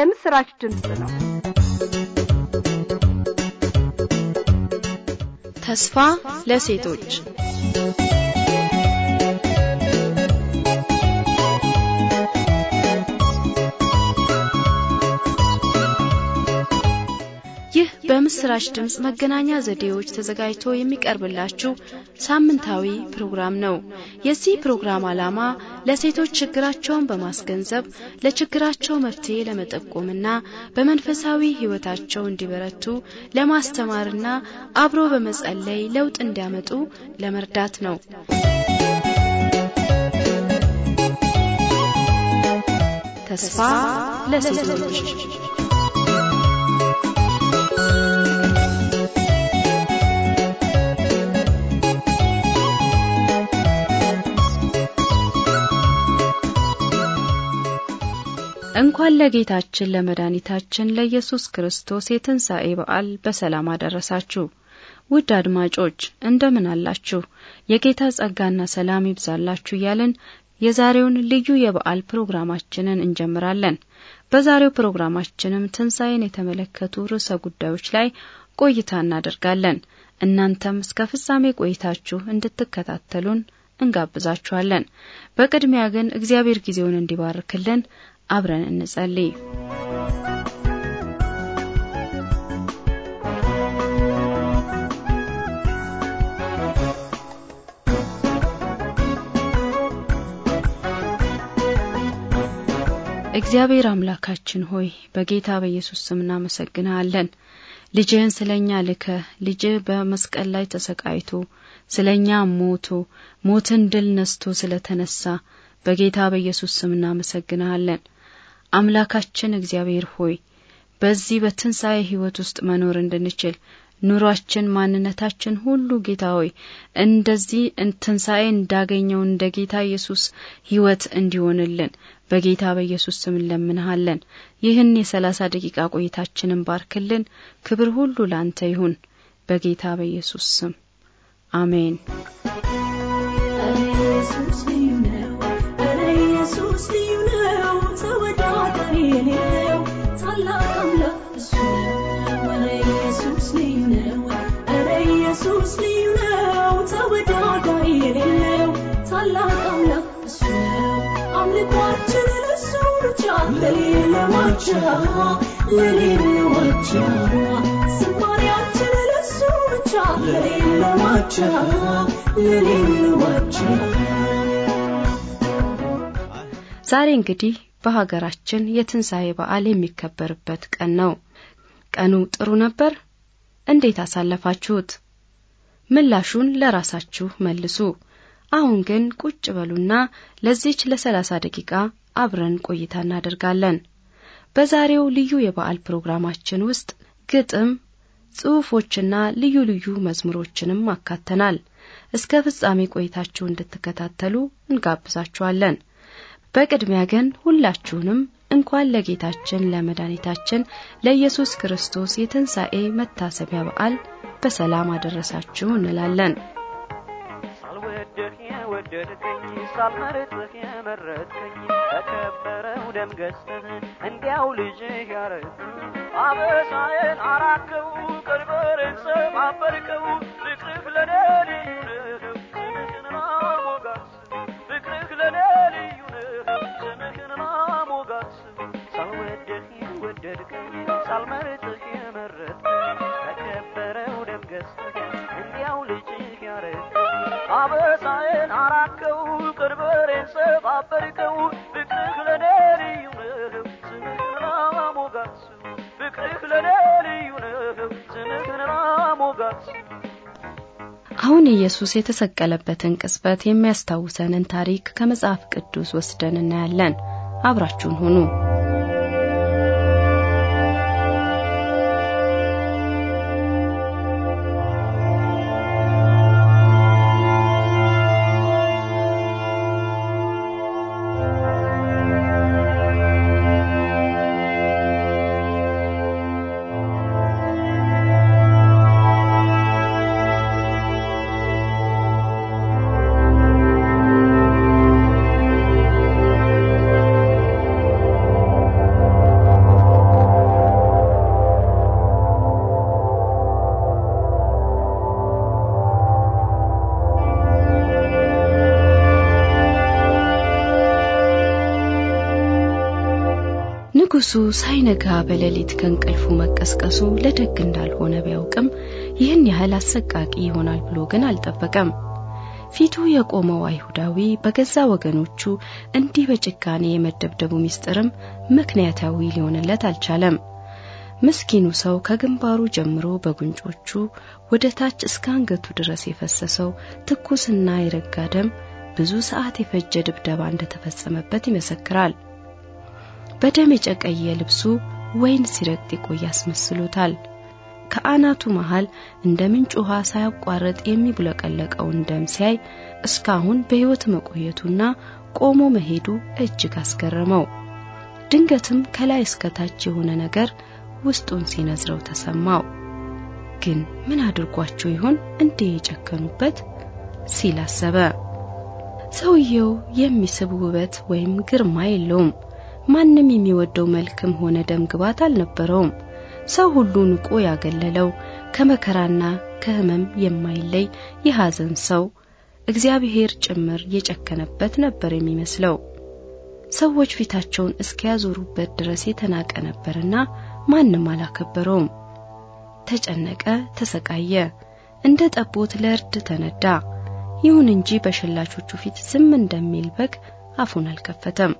የምስራች ድምፅ ነው። ተስፋ ለሴቶች ይህ በምስራች ድምፅ መገናኛ ዘዴዎች ተዘጋጅቶ የሚቀርብላችሁ ሳምንታዊ ፕሮግራም ነው። የዚህ ፕሮግራም ዓላማ ለሴቶች ችግራቸውን በማስገንዘብ ለችግራቸው መፍትሄ ለመጠቆምና በመንፈሳዊ ሕይወታቸው እንዲበረቱ ለማስተማርና አብሮ በመጸለይ ለውጥ እንዲያመጡ ለመርዳት ነው። ተስፋ ለሴቶች እንኳን ለጌታችን ለመድኃኒታችን ለኢየሱስ ክርስቶስ የትንሣኤ በዓል በሰላም አደረሳችሁ። ውድ አድማጮች እንደምን አላችሁ? የጌታ ጸጋና ሰላም ይብዛላችሁ እያልን የዛሬውን ልዩ የበዓል ፕሮግራማችንን እንጀምራለን። በዛሬው ፕሮግራማችንም ትንሣኤን የተመለከቱ ርዕሰ ጉዳዮች ላይ ቆይታ እናደርጋለን። እናንተም እስከ ፍጻሜ ቆይታችሁ እንድትከታተሉን እንጋብዛችኋለን። በቅድሚያ ግን እግዚአብሔር ጊዜውን እንዲባርክልን አብረን እንጸልይ። እግዚአብሔር አምላካችን ሆይ በጌታ በኢየሱስ ስም እናመሰግንሃለን። ልጅህን ስለ እኛ ልከ ልጅህ በመስቀል ላይ ተሰቃይቶ ስለ እኛ ሞቶ ሞትን ድል ነስቶ ስለ ተነሳ በጌታ በኢየሱስ ስም እናመሰግንሃለን። አምላካችን እግዚአብሔር ሆይ በዚህ በትንሣኤ ሕይወት ውስጥ መኖር እንድንችል ኑሯችን፣ ማንነታችን ሁሉ ጌታ ሆይ እንደዚህ ትንሣኤ እንዳገኘው እንደ ጌታ ኢየሱስ ሕይወት እንዲሆንልን በጌታ በኢየሱስ ስም እንለምንሃለን። ይህን የሰላሳ ደቂቃ ቆይታችንን ባርክልን። ክብር ሁሉ ለአንተ ይሁን፣ በጌታ በኢየሱስ ስም አሜን። ታላቅ እሱ አምልኳችን ለሱ ብቻ ለሌለ ማቻ ለሌለ ማቻ ለሱ ብቻ ለሌለ ማቻ ለሌለ ማቻ ዛሬ እንግዲህ በሀገራችን የትንሣኤ በዓል የሚከበርበት ቀን ነው። ቀኑ ጥሩ ነበር? እንዴት አሳለፋችሁት? ምላሹን ለራሳችሁ መልሱ። አሁን ግን ቁጭ በሉና ለዚች ለሰላሳ ደቂቃ አብረን ቆይታ እናደርጋለን። በዛሬው ልዩ የበዓል ፕሮግራማችን ውስጥ ግጥም፣ ጽሑፎችና ልዩ ልዩ መዝሙሮችንም አካተናል። እስከ ፍጻሜ ቆይታችሁ እንድትከታተሉ እንጋብዛችኋለን። በቅድሚያ ግን ሁላችሁንም እንኳን ለጌታችን ለመድኃኒታችን ለኢየሱስ ክርስቶስ የትንሣኤ መታሰቢያ በዓል በሰላም አደረሳችሁ እንላለን። ልከኝ ሳልመርጥ የመረጥከኝ በከበረው ደም ገዝተህ እንዲያው ልጅህ ያረግ አበሳዬን አራከው ቀንበሬን ሰባበርከው ፍቅርህ ለኔ ልዩ ሳልመርጥህ የመረጥከኝ ደም ገዝተህ እንዲያው ልጅህ ያረግ አበሳ አራከው ሰባበርከው ፍቅርህ ለኔ ልዩ ነው ፍቅርህ ለኔ ልዩ ነው አሁን ኢየሱስ የተሰቀለበትን ቅጽበት የሚያስታውሰንን ታሪክ ከመጽሐፍ ቅዱስ ወስደን እናያለን። አብራችሁን ሁኑ። ንጉሡ ሳይነጋ በሌሊት ከእንቅልፉ መቀስቀሱ ለደግ እንዳልሆነ ቢያውቅም ይህን ያህል አሰቃቂ ይሆናል ብሎ ግን አልጠበቀም። ፊቱ የቆመው አይሁዳዊ በገዛ ወገኖቹ እንዲህ በጭካኔ የመደብደቡ ምስጢርም ምክንያታዊ ሊሆንለት አልቻለም። ምስኪኑ ሰው ከግንባሩ ጀምሮ በጉንጮቹ ወደ ታች እስከ አንገቱ ድረስ የፈሰሰው ትኩስና የረጋ ደም ብዙ ሰዓት የፈጀ ድብደባ እንደተፈጸመበት ይመሰክራል። በደም የጨቀየ ልብሱ ወይን ሲረግጥ የቆየ አስመስሎታል። ከአናቱ መሃል እንደ ምንጭ ውሃ ሳያቋርጥ የሚብለቀለቀውን ደም ሲያይ እስካሁን በሕይወት መቆየቱና ቆሞ መሄዱ እጅግ አስገረመው። ድንገትም ከላይ እስከታች የሆነ ነገር ውስጡን ሲነዝረው ተሰማው። ግን ምን አድርጓቸው ይሆን እንዴ የጨከኑበት ሲል አሰበ። ሰውየው የሚስብ ውበት ወይም ግርማ የለውም። ማንም የሚወደው መልክም ሆነ ደም ግባት አልነበረውም። ሰው ሁሉ ንቆ ያገለለው ከመከራና ከሕመም የማይለይ የሐዘን ሰው እግዚአብሔር ጭምር የጨከነበት ነበር የሚመስለው። ሰዎች ፊታቸውን እስኪያዞሩበት ድረስ የተናቀ ነበርና ማንም አላከበረውም። ተጨነቀ፣ ተሰቃየ፣ እንደ ጠቦት ለእርድ ተነዳ። ይሁን እንጂ በሸላቾቹ ፊት ዝም እንደሚል በግ አፉን አልከፈተም።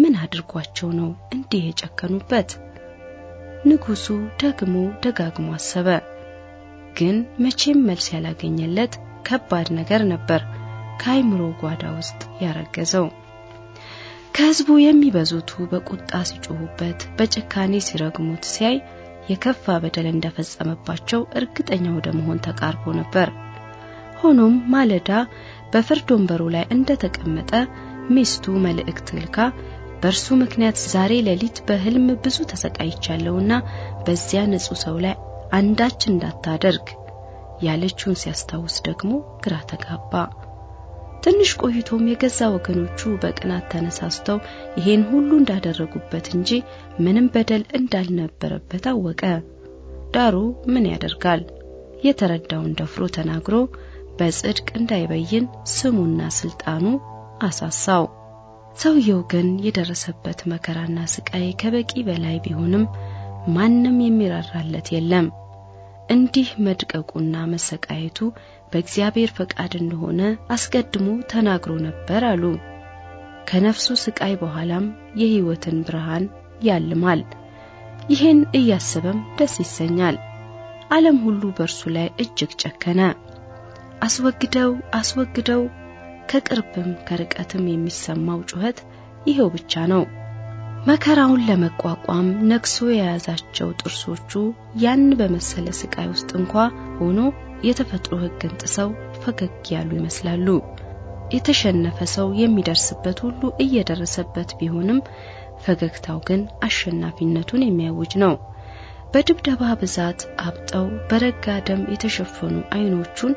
ምን አድርጓቸው ነው እንዲህ የጨከኑበት? ንጉሱ ደግሞ ደጋግሞ አሰበ። ግን መቼም መልስ ያላገኘለት ከባድ ነገር ነበር ከአይምሮ ጓዳ ውስጥ ያረገዘው። ከህዝቡ የሚበዙቱ በቁጣ ሲጮሁበት፣ በጭካኔ ሲረግሙት ሲያይ የከፋ በደል እንደፈጸመባቸው እርግጠኛ ወደ መሆን ተቃርቦ ነበር። ሆኖም ማለዳ በፍርድ ወንበሩ ላይ እንደተቀመጠ ሚስቱ መልእክት ልካ በእርሱ ምክንያት ዛሬ ሌሊት በህልም ብዙ ተሰቃይቻለሁና በዚያ ንጹህ ሰው ላይ አንዳች እንዳታደርግ ያለችውን ሲያስታውስ ደግሞ ግራ ተጋባ። ትንሽ ቆይቶም የገዛ ወገኖቹ በቅናት ተነሳስተው ይሄን ሁሉ እንዳደረጉበት እንጂ ምንም በደል እንዳልነበረበት አወቀ። ዳሩ ምን ያደርጋል? የተረዳውን ደፍሮ ተናግሮ በጽድቅ እንዳይበይን ስሙና ስልጣኑ አሳሳው። ሰውየው ግን የደረሰበት መከራና ስቃይ ከበቂ በላይ ቢሆንም ማንም የሚራራለት የለም። እንዲህ መድቀቁና መሰቃየቱ በእግዚአብሔር ፈቃድ እንደሆነ አስቀድሞ ተናግሮ ነበር አሉ። ከነፍሱ ስቃይ በኋላም የሕይወትን ብርሃን ያልማል። ይህን እያሰበም ደስ ይሰኛል። ዓለም ሁሉ በእርሱ ላይ እጅግ ጨከነ። አስወግደው አስወግደው ከቅርብም ከርቀትም የሚሰማው ጩኸት ይሄው ብቻ ነው። መከራውን ለመቋቋም ነክሶ የያዛቸው ጥርሶቹ ያን በመሰለ ስቃይ ውስጥ እንኳ ሆኖ የተፈጥሮ ሕግን ጥሰው ፈገግ ያሉ ይመስላሉ። የተሸነፈ ሰው የሚደርስበት ሁሉ እየደረሰበት ቢሆንም ፈገግታው ግን አሸናፊነቱን የሚያውጅ ነው። በድብደባ ብዛት አብጠው በረጋ ደም የተሸፈኑ አይኖቹን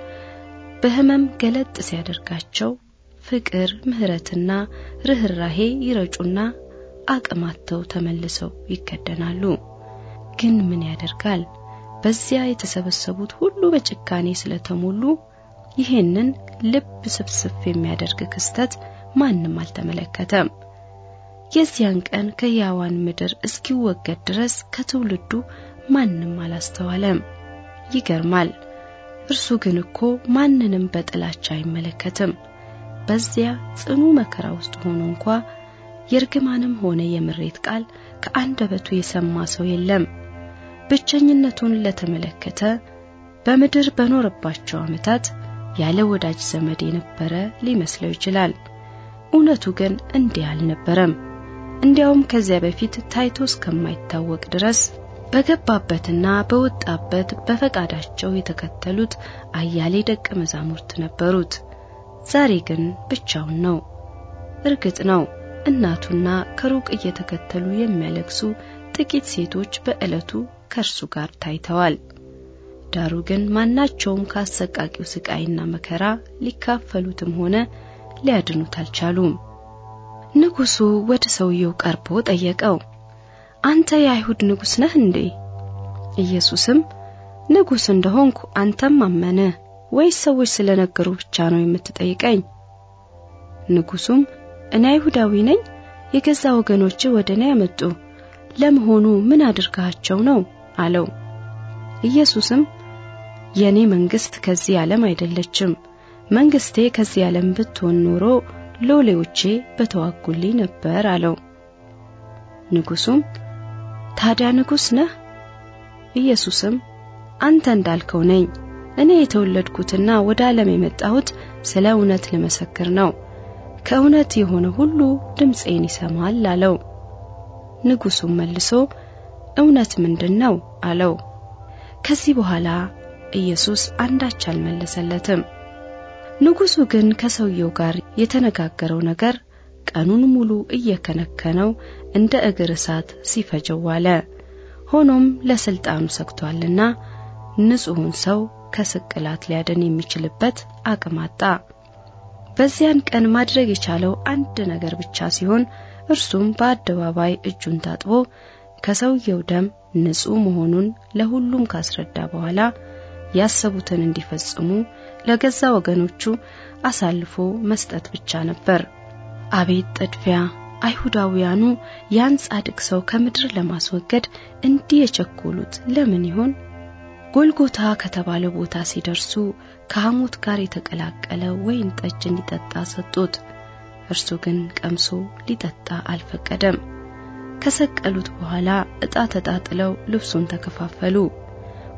በህመም ገለጥ ሲያደርጋቸው ፍቅር ምህረትና ርኅራሄ ይረጩና አቅማተው ተመልሰው ይከደናሉ። ግን ምን ያደርጋል? በዚያ የተሰበሰቡት ሁሉ በጭካኔ ስለተሞሉ ይህንን ልብ ስብስብ የሚያደርግ ክስተት ማንም አልተመለከተም። የዚያን ቀን ከሕያዋን ምድር እስኪወገድ ድረስ ከትውልዱ ማንም አላስተዋለም። ይገርማል። እርሱ ግን እኮ ማንንም በጥላቻ አይመለከትም። በዚያ ጽኑ መከራ ውስጥ ሆኖ እንኳ የእርግማንም ሆነ የምሬት ቃል ከአንደበቱ የሰማ ሰው የለም። ብቸኝነቱን ለተመለከተ በምድር በኖረባቸው ዓመታት ያለ ወዳጅ ዘመድ የነበረ ሊመስለው ይችላል። እውነቱ ግን እንዲህ አልነበረም። እንዲያውም ከዚያ በፊት ታይቶ እስከማይታወቅ ድረስ በገባበትና በወጣበት በፈቃዳቸው የተከተሉት አያሌ ደቀ መዛሙርት ነበሩት። ዛሬ ግን ብቻውን ነው። እርግጥ ነው እናቱና ከሩቅ እየተከተሉ የሚያለቅሱ ጥቂት ሴቶች በዕለቱ ከእርሱ ጋር ታይተዋል። ዳሩ ግን ማናቸውም ከአሰቃቂው ስቃይና መከራ ሊካፈሉትም ሆነ ሊያድኑት አልቻሉም። ንጉሡ ወደ ሰውየው ቀርቦ ጠየቀው፣ አንተ የአይሁድ ንጉሥ ነህ እንዴ? ኢየሱስም ንጉሥ እንደሆንኩ አንተም አመነ ወይስ ሰዎች ስለነገሩ ብቻ ነው የምትጠይቀኝ? ንጉሱም እኔ አይሁዳዊ ነኝ፣ የገዛ ወገኖች ወደ እኔ ያመጡ፣ ለመሆኑ ምን አድርጋቸው ነው አለው። ኢየሱስም የኔ መንግስት ከዚህ ዓለም አይደለችም። መንግስቴ ከዚህ ዓለም ብትሆን ኖሮ ሎሌዎቼ በተዋጉልኝ ነበር አለው። ንጉሱም ታዲያ ንጉስ ነህ? ኢየሱስም አንተ እንዳልከው ነኝ እኔ የተወለድኩትና ወደ ዓለም የመጣሁት ስለ እውነት ልመሰክር ነው ከእውነት የሆነ ሁሉ ድምፄን ይሰማል አለው ንጉሱም መልሶ እውነት ምንድን ነው አለው ከዚህ በኋላ ኢየሱስ አንዳች አልመለሰለትም ንጉሱ ግን ከሰውየው ጋር የተነጋገረው ነገር ቀኑን ሙሉ እየከነከነው እንደ እግር እሳት ሲፈጀው ዋለ ሆኖም ለስልጣኑ ሰግቷልና ንጹሑን ሰው ከስቅላት ሊያድን የሚችልበት አቅም አጣ። በዚያን ቀን ማድረግ የቻለው አንድ ነገር ብቻ ሲሆን እርሱም በአደባባይ እጁን ታጥቦ ከሰውየው ደም ንጹሕ መሆኑን ለሁሉም ካስረዳ በኋላ ያሰቡትን እንዲፈጽሙ ለገዛ ወገኖቹ አሳልፎ መስጠት ብቻ ነበር። አቤት ጥድፊያ! አይሁዳውያኑ ያን ጻድቅ ሰው ከምድር ለማስወገድ እንዲህ የቸኮሉት ለምን ይሆን? ጎልጎታ ከተባለ ቦታ ሲደርሱ ከሐሞት ጋር የተቀላቀለ ወይን ጠጅ እንዲጠጣ ሰጡት። እርሱ ግን ቀምሶ ሊጠጣ አልፈቀደም። ከሰቀሉት በኋላ ዕጣ ተጣጥለው ልብሱን ተከፋፈሉ።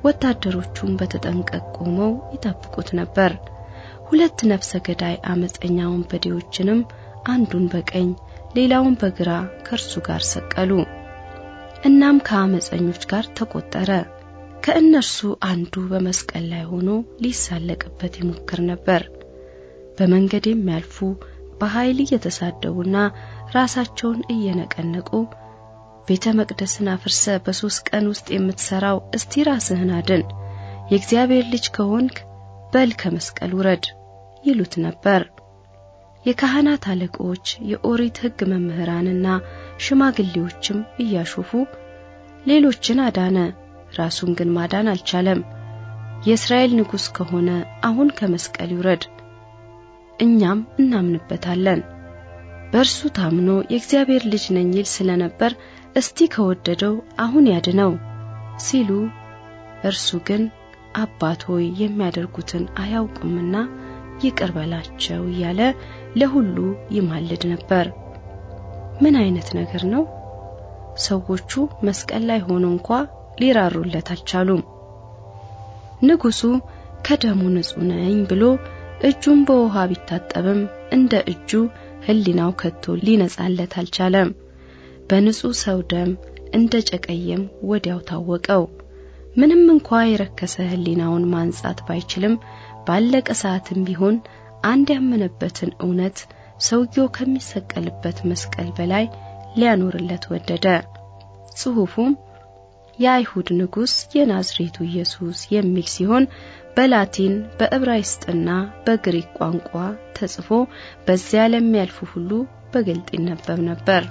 ወታደሮቹም በተጠንቀቅ ቆመው ይጠብቁት ነበር። ሁለት ነፍሰ ገዳይ አመፀኛ ወንበዴዎችንም አንዱን በቀኝ ሌላውን በግራ ከእርሱ ጋር ሰቀሉ። እናም ከአመፀኞች ጋር ተቆጠረ። ከእነርሱ አንዱ በመስቀል ላይ ሆኖ ሊሳለቅበት ይሞክር ነበር። በመንገድ የሚያልፉ በኃይል እየተሳደቡና ራሳቸውን እየነቀነቁ ቤተ መቅደስን አፍርሰ በሦስት ቀን ውስጥ የምትሠራው እስቲ ራስህን አድን፣ የእግዚአብሔር ልጅ ከሆንክ በል ከመስቀል ውረድ ይሉት ነበር። የካህናት አለቆች፣ የኦሪት ሕግ መምህራንና ሽማግሌዎችም እያሾፉ ሌሎችን አዳነ ራሱን ግን ማዳን አልቻለም። የእስራኤል ንጉሥ ከሆነ አሁን ከመስቀል ይውረድ፣ እኛም እናምንበታለን። በእርሱ ታምኖ የእግዚአብሔር ልጅ ነኝ ይል ስለነበር እስቲ ከወደደው አሁን ያድነው ሲሉ፣ እርሱ ግን አባት ሆይ የሚያደርጉትን አያውቁምና ይቅር በላቸው እያለ ለሁሉ ይማልድ ነበር። ምን አይነት ነገር ነው? ሰዎቹ መስቀል ላይ ሆኖ እንኳ ሊራሩለት አልቻሉም። ንጉሱ ከደሙ ንጹህ ነኝ ብሎ እጁን በውሃ ቢታጠብም እንደ እጁ ህሊናው ከቶ ሊነጻለት አልቻለም። በንጹህ ሰው ደም እንደ ጨቀየም ወዲያው ታወቀው። ምንም እንኳ የረከሰ ህሊናውን ማንጻት ባይችልም ባለቀ ሰዓትም ቢሆን አንድ ያመነበትን እውነት ሰውየው ከሚሰቀልበት መስቀል በላይ ሊያኖርለት ወደደ። ጽሑፉም የአይሁድ ንጉሥ የናዝሬቱ ኢየሱስ የሚል ሲሆን በላቲን በዕብራይስጥና በግሪክ ቋንቋ ተጽፎ በዚያ ለሚያልፉ ሁሉ በግልጥ ይነበብ ነበር።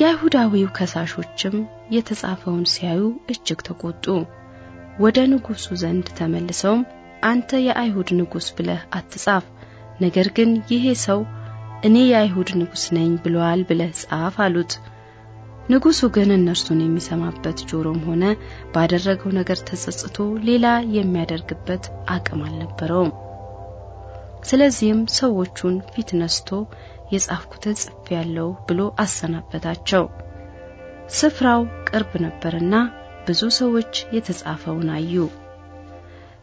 የአይሁዳዊው ከሳሾችም የተጻፈውን ሲያዩ እጅግ ተቆጡ። ወደ ንጉሡ ዘንድ ተመልሰውም አንተ የአይሁድ ንጉሥ ብለህ አትጻፍ፣ ነገር ግን ይሄ ሰው እኔ የአይሁድ ንጉሥ ነኝ ብለዋል ብለህ ጻፍ አሉት። ንጉሱ ግን እነርሱን የሚሰማበት ጆሮም ሆነ ባደረገው ነገር ተጸጽቶ ሌላ የሚያደርግበት አቅም አልነበረውም። ስለዚህም ሰዎቹን ፊት ነስቶ የጻፍኩትን ያለው ብሎ አሰናበታቸው። ስፍራው ቅርብ ነበርና ብዙ ሰዎች የተጻፈውን አዩ።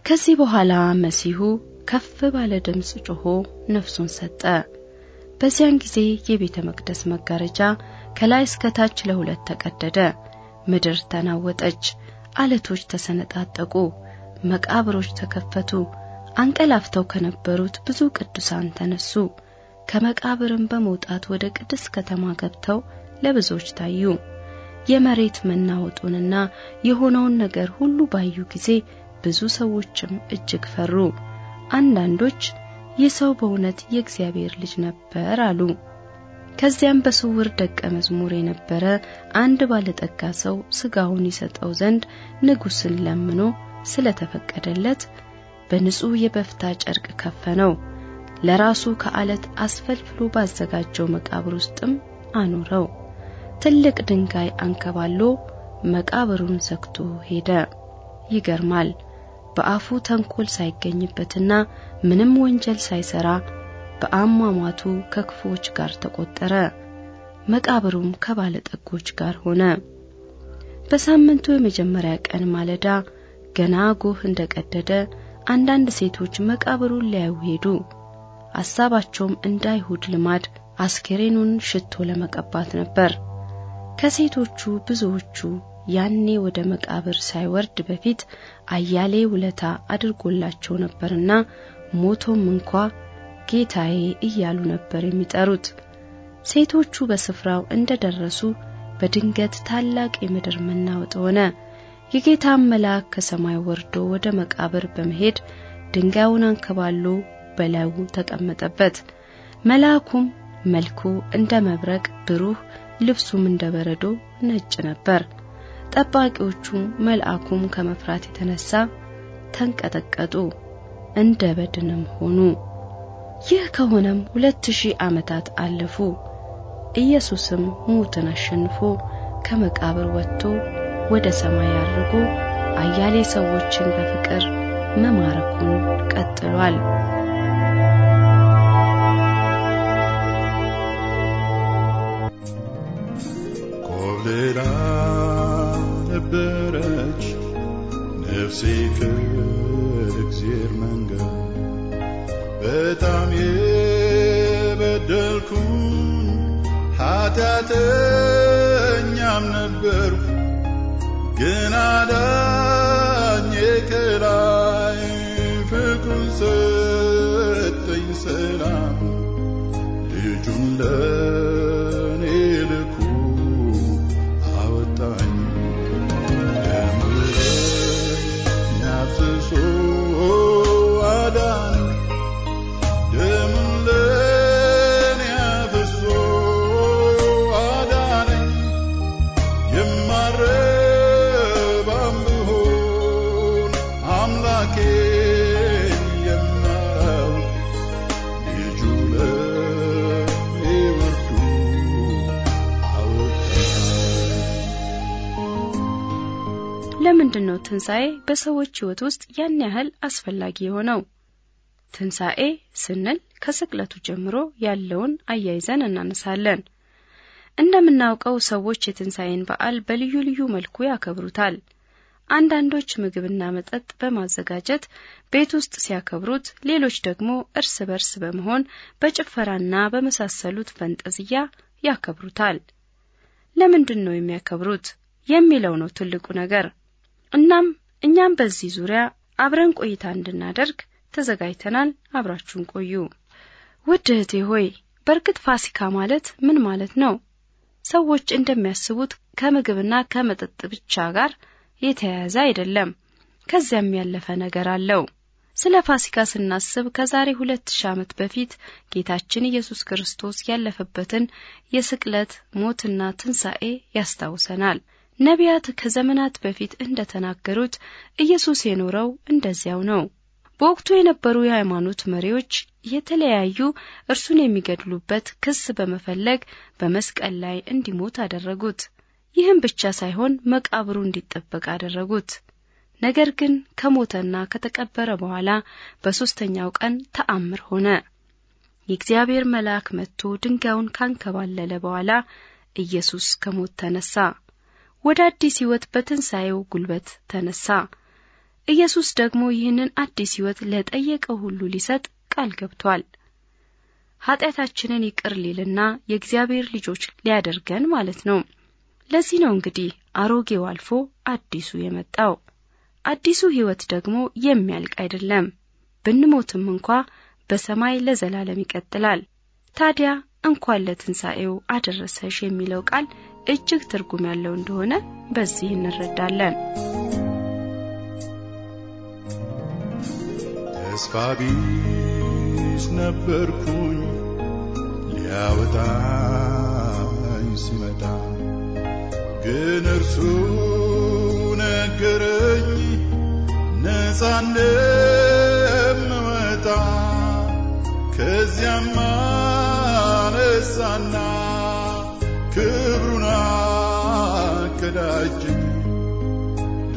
ከዚህ በኋላ መሲሁ ከፍ ባለ ድምፅ ጮሆ ነፍሱን ሰጠ። በዚያን ጊዜ የቤተ መቅደስ መጋረጃ ከላይ እስከ ታች ለሁለት ተቀደደ። ምድር ተናወጠች፣ አለቶች ተሰነጣጠቁ፣ መቃብሮች ተከፈቱ። አንቀላፍተው ከነበሩት ብዙ ቅዱሳን ተነሱ፣ ከመቃብርም በመውጣት ወደ ቅድስት ከተማ ገብተው ለብዙዎች ታዩ። የመሬት መናወጡንና የሆነውን ነገር ሁሉ ባዩ ጊዜ ብዙ ሰዎችም እጅግ ፈሩ። አንዳንዶች ይህ ሰው በእውነት የእግዚአብሔር ልጅ ነበር አሉ። ከዚያም በስውር ደቀ መዝሙር የነበረ አንድ ባለጠጋ ሰው ስጋውን ይሰጠው ዘንድ ንጉስን ለምኖ ስለተፈቀደለት በንጹህ የበፍታ ጨርቅ ከፈነው፣ ለራሱ ከአለት አስፈልፍሎ ባዘጋጀው መቃብር ውስጥም አኖረው። ትልቅ ድንጋይ አንከባሎ መቃብሩን ዘግቶ ሄደ። ይገርማል። በአፉ ተንኮል ሳይገኝበትና ምንም ወንጀል ሳይሰራ በአሟሟቱ ከክፎች ጋር ተቆጠረ፣ መቃብሩም ከባለጠጎች ጋር ሆነ። በሳምንቱ የመጀመሪያ ቀን ማለዳ ገና ጎህ እንደቀደደ አንዳንድ ሴቶች መቃብሩን ሊያዩ ሄዱ። ሐሳባቸውም እንደ አይሁድ ልማድ አስከሬኑን ሽቶ ለመቀባት ነበር። ከሴቶቹ ብዙዎቹ ያኔ ወደ መቃብር ሳይወርድ በፊት አያሌ ውለታ አድርጎላቸው ነበርና ሞቶም እንኳ ጌታዬ እያሉ ነበር የሚጠሩት። ሴቶቹ በስፍራው እንደደረሱ በድንገት ታላቅ የምድር መናወጥ ሆነ። የጌታም መልአክ ከሰማይ ወርዶ ወደ መቃብር በመሄድ ድንጋዩን አንከባሎ በላዩ ተቀመጠበት። መልአኩም መልኩ እንደ መብረቅ ብሩህ፣ ልብሱም እንደ በረዶ ነጭ ነበር። ጠባቂዎቹም መልአኩም ከመፍራት የተነሳ ተንቀጠቀጡ፣ እንደ በድንም ሆኑ። ይህ ከሆነም ሁለት ሺህ ዓመታት አለፉ። ኢየሱስም ሞትን አሸንፎ ከመቃብር ወጥቶ ወደ ሰማይ አድርጎ አያሌ ሰዎችን በፍቅር መማረኩን ቀጥሏል። ትንሣኤ በሰዎች ሕይወት ውስጥ ያን ያህል አስፈላጊ የሆነው? ትንሣኤ ስንል ከስቅለቱ ጀምሮ ያለውን አያይዘን እናነሳለን። እንደምናውቀው ሰዎች የትንሣኤን በዓል በልዩ ልዩ መልኩ ያከብሩታል። አንዳንዶች ምግብና መጠጥ በማዘጋጀት ቤት ውስጥ ሲያከብሩት፣ ሌሎች ደግሞ እርስ በርስ በመሆን በጭፈራና በመሳሰሉት ፈንጠዝያ ያከብሩታል። ለምንድን ነው የሚያከብሩት የሚለው ነው ትልቁ ነገር። እናም እኛም በዚህ ዙሪያ አብረን ቆይታ እንድናደርግ ተዘጋጅተናል። አብራችሁን ቆዩ። ውድ እህቴ ሆይ በእርግጥ ፋሲካ ማለት ምን ማለት ነው? ሰዎች እንደሚያስቡት ከምግብና ከመጠጥ ብቻ ጋር የተያያዘ አይደለም። ከዚያም ያለፈ ነገር አለው። ስለ ፋሲካ ስናስብ ከዛሬ ሁለት ሺህ ዓመት በፊት ጌታችን ኢየሱስ ክርስቶስ ያለፈበትን የስቅለት ሞትና ትንሣኤ ያስታውሰናል። ነቢያት ከዘመናት በፊት እንደተናገሩት ኢየሱስ የኖረው እንደዚያው ነው። በወቅቱ የነበሩ የሃይማኖት መሪዎች የተለያዩ እርሱን የሚገድሉበት ክስ በመፈለግ በመስቀል ላይ እንዲሞት አደረጉት። ይህም ብቻ ሳይሆን መቃብሩ እንዲጠበቅ አደረጉት። ነገር ግን ከሞተና ከተቀበረ በኋላ በሦስተኛው ቀን ተአምር ሆነ። የእግዚአብሔር መልአክ መጥቶ ድንጋዩን ካንከባለለ በኋላ ኢየሱስ ከሞት ተነሳ። ወደ አዲስ ሕይወት በትንሣኤው ጉልበት ተነሳ። ኢየሱስ ደግሞ ይህንን አዲስ ሕይወት ለጠየቀው ሁሉ ሊሰጥ ቃል ገብቷል። ኃጢአታችንን ይቅር ሊልና የእግዚአብሔር ልጆች ሊያደርገን ማለት ነው። ለዚህ ነው እንግዲህ አሮጌው አልፎ አዲሱ የመጣው። አዲሱ ሕይወት ደግሞ የሚያልቅ አይደለም። ብንሞትም እንኳ በሰማይ ለዘላለም ይቀጥላል። ታዲያ እንኳን ለትንሣኤው አደረሰሽ የሚለው ቃል እጅግ ትርጉም ያለው እንደሆነ በዚህ እንረዳለን። ተስፋ ቢስ ነበርኩኝ ሊያወጣኝ ስመጣ ግን እርሱ ነገረኝ ነፃ እንደምወጣ ከዚያም አነሳና calle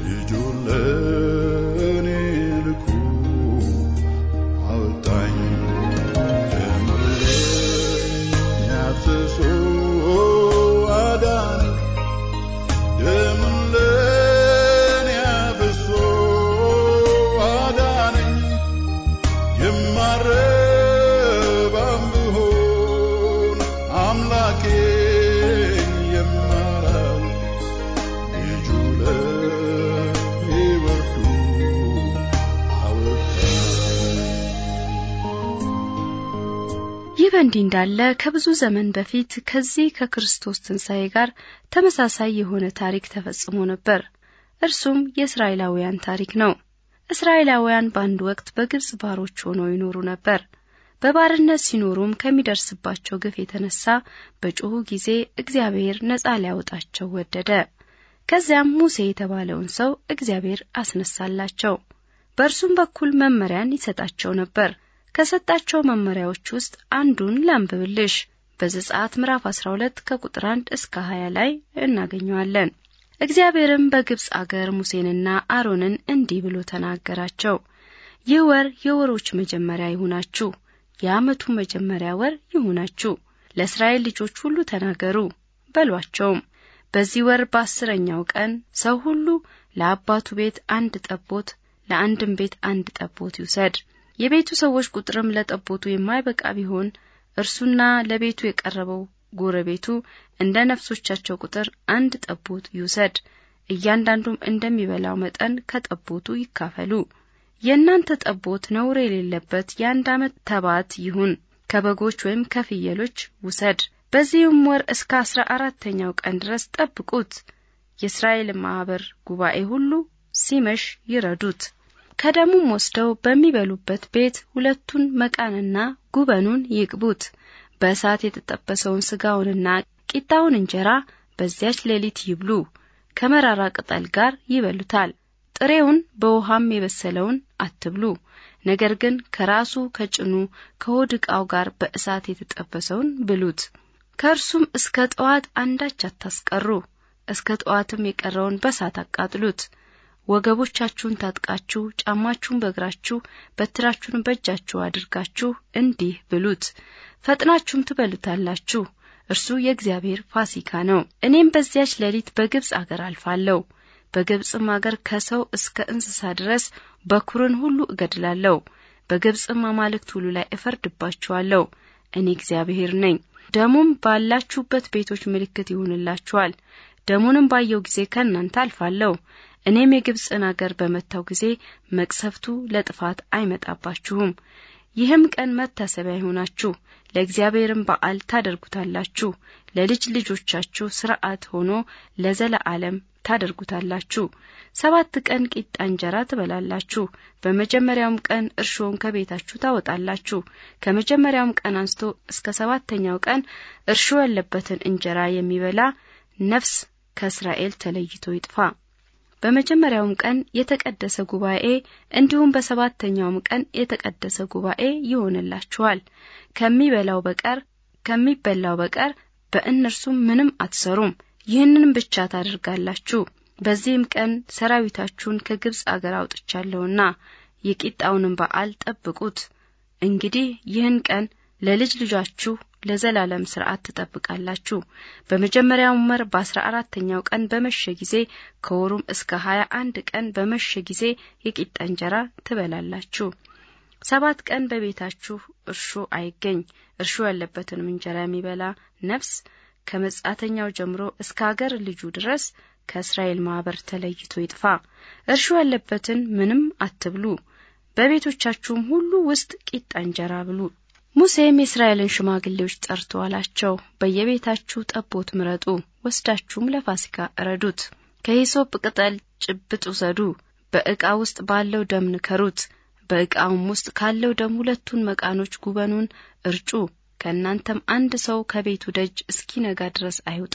y yo le በእንዲህ እንዳለ ከብዙ ዘመን በፊት ከዚህ ከክርስቶስ ትንሣኤ ጋር ተመሳሳይ የሆነ ታሪክ ተፈጽሞ ነበር። እርሱም የእስራኤላውያን ታሪክ ነው። እስራኤላውያን በአንድ ወቅት በግብፅ ባሮች ሆነው ይኖሩ ነበር። በባርነት ሲኖሩም ከሚደርስባቸው ግፍ የተነሳ በጮኹ ጊዜ እግዚአብሔር ነፃ ሊያወጣቸው ወደደ። ከዚያም ሙሴ የተባለውን ሰው እግዚአብሔር አስነሳላቸው። በእርሱም በኩል መመሪያን ይሰጣቸው ነበር። ከሰጣቸው መመሪያዎች ውስጥ አንዱን ላንብብልሽ። በዘጸአት ምዕራፍ 12 ከቁጥር 1 እስከ 20 ላይ እናገኘዋለን። እግዚአብሔርም በግብፅ አገር ሙሴንና አሮንን እንዲህ ብሎ ተናገራቸው። ይህ ወር የወሮች መጀመሪያ ይሁናችሁ፣ የዓመቱ መጀመሪያ ወር ይሁናችሁ። ለእስራኤል ልጆች ሁሉ ተናገሩ በሏቸውም፣ በዚህ ወር በአስረኛው ቀን ሰው ሁሉ ለአባቱ ቤት አንድ ጠቦት፣ ለአንድም ቤት አንድ ጠቦት ይውሰድ የቤቱ ሰዎች ቁጥርም ለጠቦቱ የማይበቃ ቢሆን እርሱና ለቤቱ የቀረበው ጎረቤቱ እንደ ነፍሶቻቸው ቁጥር አንድ ጠቦት ይውሰድ። እያንዳንዱም እንደሚበላው መጠን ከጠቦቱ ይካፈሉ። የእናንተ ጠቦት ነውር የሌለበት የአንድ ዓመት ተባት ይሁን፣ ከበጎች ወይም ከፍየሎች ውሰድ። በዚህም ወር እስከ አስራ አራተኛው ቀን ድረስ ጠብቁት። የእስራኤል ማኅበር ጉባኤ ሁሉ ሲመሽ ይረዱት። ከደሙም ወስደው በሚበሉበት ቤት ሁለቱን መቃንና ጉበኑን ይቅቡት። በእሳት የተጠበሰውን ስጋውንና ቂጣውን እንጀራ በዚያች ሌሊት ይብሉ። ከመራራ ቅጠል ጋር ይበሉታል። ጥሬውን በውሃም የበሰለውን አትብሉ። ነገር ግን ከራሱ ከጭኑ ከሆድ ዕቃው ጋር በእሳት የተጠበሰውን ብሉት። ከእርሱም እስከ ጠዋት አንዳች አታስቀሩ። እስከ ጠዋትም የቀረውን በእሳት አቃጥሉት። ወገቦቻችሁን ታጥቃችሁ ጫማችሁን በእግራችሁ በትራችሁን በእጃችሁ አድርጋችሁ እንዲህ ብሉት፣ ፈጥናችሁም ትበሉታላችሁ። እርሱ የእግዚአብሔር ፋሲካ ነው። እኔም በዚያች ሌሊት በግብፅ አገር አልፋለሁ። በግብፅም አገር ከሰው እስከ እንስሳ ድረስ በኩርን ሁሉ እገድላለሁ። በግብፅም አማልክት ሁሉ ላይ እፈርድባችኋለሁ። እኔ እግዚአብሔር ነኝ። ደሙም ባላችሁበት ቤቶች ምልክት ይሆንላችኋል። ደሙንም ባየው ጊዜ ከእናንተ አልፋለሁ፣ እኔም የግብፅን አገር በመታው ጊዜ መቅሰፍቱ ለጥፋት አይመጣባችሁም ይህም ቀን መታሰቢያ ይሆናችሁ ለእግዚአብሔርም በዓል ታደርጉታላችሁ ለልጅ ልጆቻችሁ ስርዓት ሆኖ ለዘለዓለም ታደርጉታላችሁ ሰባት ቀን ቂጣ እንጀራ ትበላላችሁ በመጀመሪያውም ቀን እርሾን ከቤታችሁ ታወጣላችሁ ከመጀመሪያውም ቀን አንስቶ እስከ ሰባተኛው ቀን እርሾ ያለበትን እንጀራ የሚበላ ነፍስ ከእስራኤል ተለይቶ ይጥፋ በመጀመሪያውም ቀን የተቀደሰ ጉባኤ እንዲሁም በሰባተኛውም ቀን የተቀደሰ ጉባኤ ይሆንላችኋል። ከሚበላው በቀር ከሚበላው በቀር በእነርሱ ምንም አትሰሩም። ይህንንም ብቻ ታደርጋላችሁ። በዚህም ቀን ሰራዊታችሁን ከግብፅ አገር አውጥቻለሁና የቂጣውንም በዓል ጠብቁት። እንግዲህ ይህን ቀን ለልጅ ልጃችሁ ለዘላለም ስርዓት ትጠብቃላችሁ። በመጀመሪያው ወር በአስራ አራተኛው ቀን በመሸ ጊዜ ከወሩም እስከ ሀያ አንድ ቀን በመሸ ጊዜ የቂጣ እንጀራ ትበላላችሁ። ሰባት ቀን በቤታችሁ እርሾ አይገኝ። እርሾ ያለበትንም እንጀራ የሚበላ ነፍስ ከመጻተኛው ጀምሮ እስከ አገር ልጁ ድረስ ከእስራኤል ማኅበር ተለይቶ ይጥፋ። እርሾ ያለበትን ምንም አትብሉ። በቤቶቻችሁም ሁሉ ውስጥ ቂጣ እንጀራ ብሉ። ሙሴም የእስራኤልን ሽማግሌዎች ጠርቶ አላቸው፣ በየቤታችሁ ጠቦት ምረጡ፣ ወስዳችሁም ለፋሲካ እረዱት። ከሂሶጵ ቅጠል ጭብጥ ውሰዱ፣ በዕቃ ውስጥ ባለው ደም ንከሩት። በዕቃውም ውስጥ ካለው ደም ሁለቱን መቃኖች ጉበኑን እርጩ። ከእናንተም አንድ ሰው ከቤቱ ደጅ እስኪነጋ ድረስ አይውጣ፣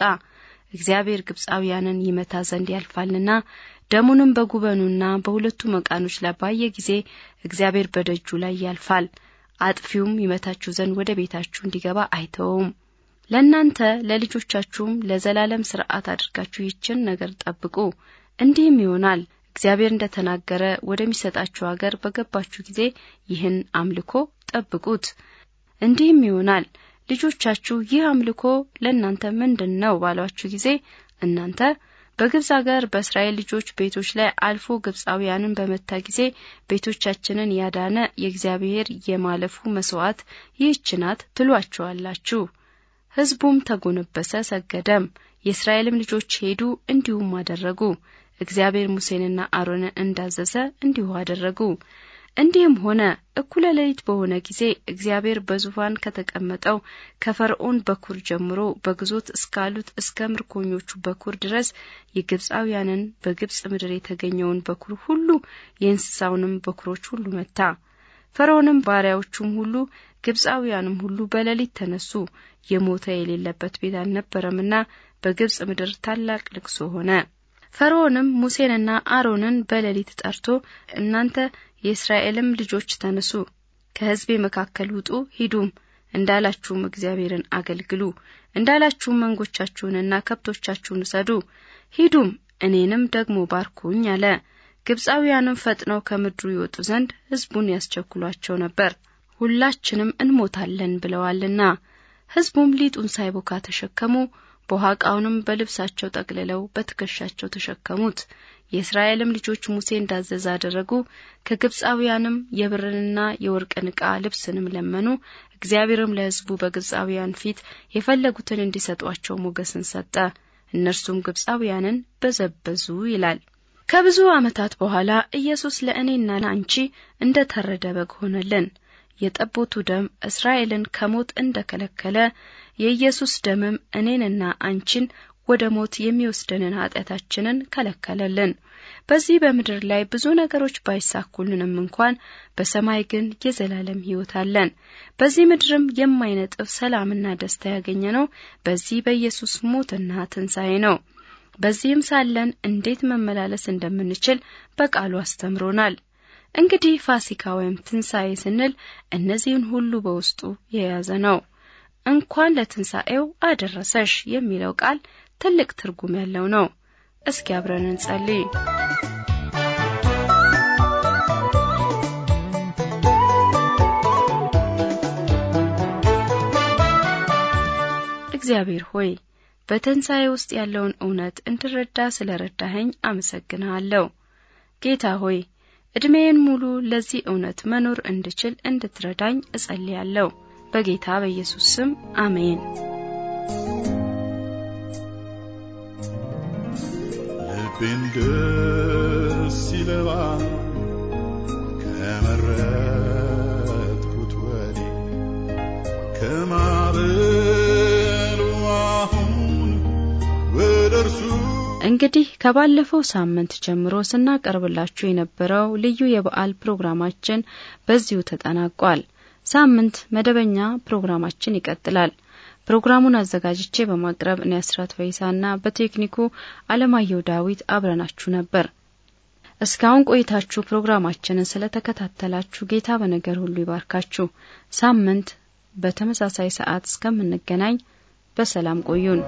እግዚአብሔር ግብፃውያንን ይመታ ዘንድ ያልፋልና። ደሙንም በጉበኑና በሁለቱ መቃኖች ላይ ባየ ጊዜ እግዚአብሔር በደጁ ላይ ያልፋል አጥፊውም ይመታችሁ ዘንድ ወደ ቤታችሁ እንዲገባ አይተውም። ለእናንተ ለልጆቻችሁም ለዘላለም ስርዓት አድርጋችሁ ይችን ነገር ጠብቁ። እንዲህም ይሆናል እግዚአብሔር እንደ ተናገረ ወደሚሰጣችሁ አገር በገባችሁ ጊዜ ይህን አምልኮ ጠብቁት። እንዲህም ይሆናል ልጆቻችሁ ይህ አምልኮ ለእናንተ ምንድን ነው ባሏችሁ ጊዜ እናንተ በግብፅ አገር በእስራኤል ልጆች ቤቶች ላይ አልፎ ግብፃውያንን በመታ ጊዜ ቤቶቻችንን ያዳነ የእግዚአብሔር የማለፉ መስዋዕት ይህች ናት ትሏቸዋላችሁ። ሕዝቡም ተጎነበሰ፣ ሰገደም። የእስራኤልም ልጆች ሄዱ፣ እንዲሁም አደረጉ። እግዚአብሔር ሙሴንና አሮንን እንዳዘዘ እንዲሁ አደረጉ። እንዲህም ሆነ እኩለ ሌሊት በሆነ ጊዜ እግዚአብሔር በዙፋን ከተቀመጠው ከፈርዖን በኩር ጀምሮ በግዞት እስካሉት እስከ ምርኮኞቹ በኩር ድረስ የግብፃውያንን በግብፅ ምድር የተገኘውን በኩር ሁሉ የእንስሳውንም በኩሮች ሁሉ መታ። ፈርዖንም ባሪያዎቹም ሁሉ ግብፃውያንም ሁሉ በሌሊት ተነሱ፣ የሞተ የሌለበት ቤት አልነበረምና በግብፅ ምድር ታላቅ ልቅሶ ሆነ። ፈርዖንም ሙሴንና አሮንን በሌሊት ጠርቶ እናንተ የእስራኤልም ልጆች ተነሱ፣ ከሕዝቤ መካከል ውጡ፣ ሂዱም እንዳላችሁም እግዚአብሔርን አገልግሉ፣ እንዳላችሁም መንጎቻችሁንና ከብቶቻችሁን ውሰዱ፣ ሂዱም እኔንም ደግሞ ባርኩኝ አለ። ግብፃውያንም ፈጥነው ከምድሩ ይወጡ ዘንድ ሕዝቡን ያስቸኩሏቸው ነበር፣ ሁላችንም እንሞታለን ብለዋልና። ሕዝቡም ሊጡን ሳይቦካ ተሸከሙ፣ ቦሃቃውንም በልብሳቸው ጠቅልለው በትከሻቸው ተሸከሙት። የእስራኤልም ልጆች ሙሴ እንዳዘዘ አደረጉ። ከግብፃውያንም የብርንና የወርቅን ዕቃ ልብስንም ለመኑ። እግዚአብሔርም ለሕዝቡ በግብፃውያን ፊት የፈለጉትን እንዲሰጧቸው ሞገስን ሰጠ። እነርሱም ግብፃውያንን በዘበዙ ይላል። ከብዙ ዓመታት በኋላ ኢየሱስ ለእኔና ለአንቺ እንደ ተረደ በግ ሆነልን። የጠቦቱ ደም እስራኤልን ከሞት እንደ ከለከለ የኢየሱስ ደምም እኔንና አንቺን ወደ ሞት የሚወስደንን ኃጢአታችንን ከለከለልን። በዚህ በምድር ላይ ብዙ ነገሮች ባይሳኩልንም እንኳን በሰማይ ግን የዘላለም ሕይወት አለን። በዚህ ምድርም የማይነጥፍ ሰላምና ደስታ ያገኘ ነው በዚህ በኢየሱስ ሞትና ትንሣኤ ነው። በዚህም ሳለን እንዴት መመላለስ እንደምንችል በቃሉ አስተምሮናል። እንግዲህ ፋሲካ ወይም ትንሣኤ ስንል እነዚህን ሁሉ በውስጡ የያዘ ነው። እንኳን ለትንሣኤው አደረሰሽ የሚለው ቃል ትልቅ ትርጉም ያለው ነው። እስኪ አብረን እንጸልይ። እግዚአብሔር ሆይ በትንሣኤ ውስጥ ያለውን እውነት እንድረዳ ስለ ረዳኸኝ አመሰግንሃለሁ። ጌታ ሆይ ዕድሜዬን ሙሉ ለዚህ እውነት መኖር እንድችል እንድትረዳኝ እጸልያለሁ። በጌታ በኢየሱስ ስም አሜን። ልቤን ደስ ከመረጥኩት ወዲህ አሁን ወደ እርሱ እንግዲህ ከባለፈው ሳምንት ጀምሮ ስናቀርብላችሁ የነበረው ልዩ የበዓል ፕሮግራማችን በዚሁ ተጠናቋል። ሳምንት መደበኛ ፕሮግራማችን ይቀጥላል። ፕሮግራሙን አዘጋጅቼ በማቅረብ እኔ አስራት ፈይሳና በቴክኒኩ አለማየሁ ዳዊት አብረናችሁ ነበር። እስካሁን ቆይታችሁ ፕሮግራማችንን ስለተከታተላችሁ ጌታ በነገር ሁሉ ይባርካችሁ። ሳምንት በተመሳሳይ ሰዓት እስከምንገናኝ በሰላም ቆዩን።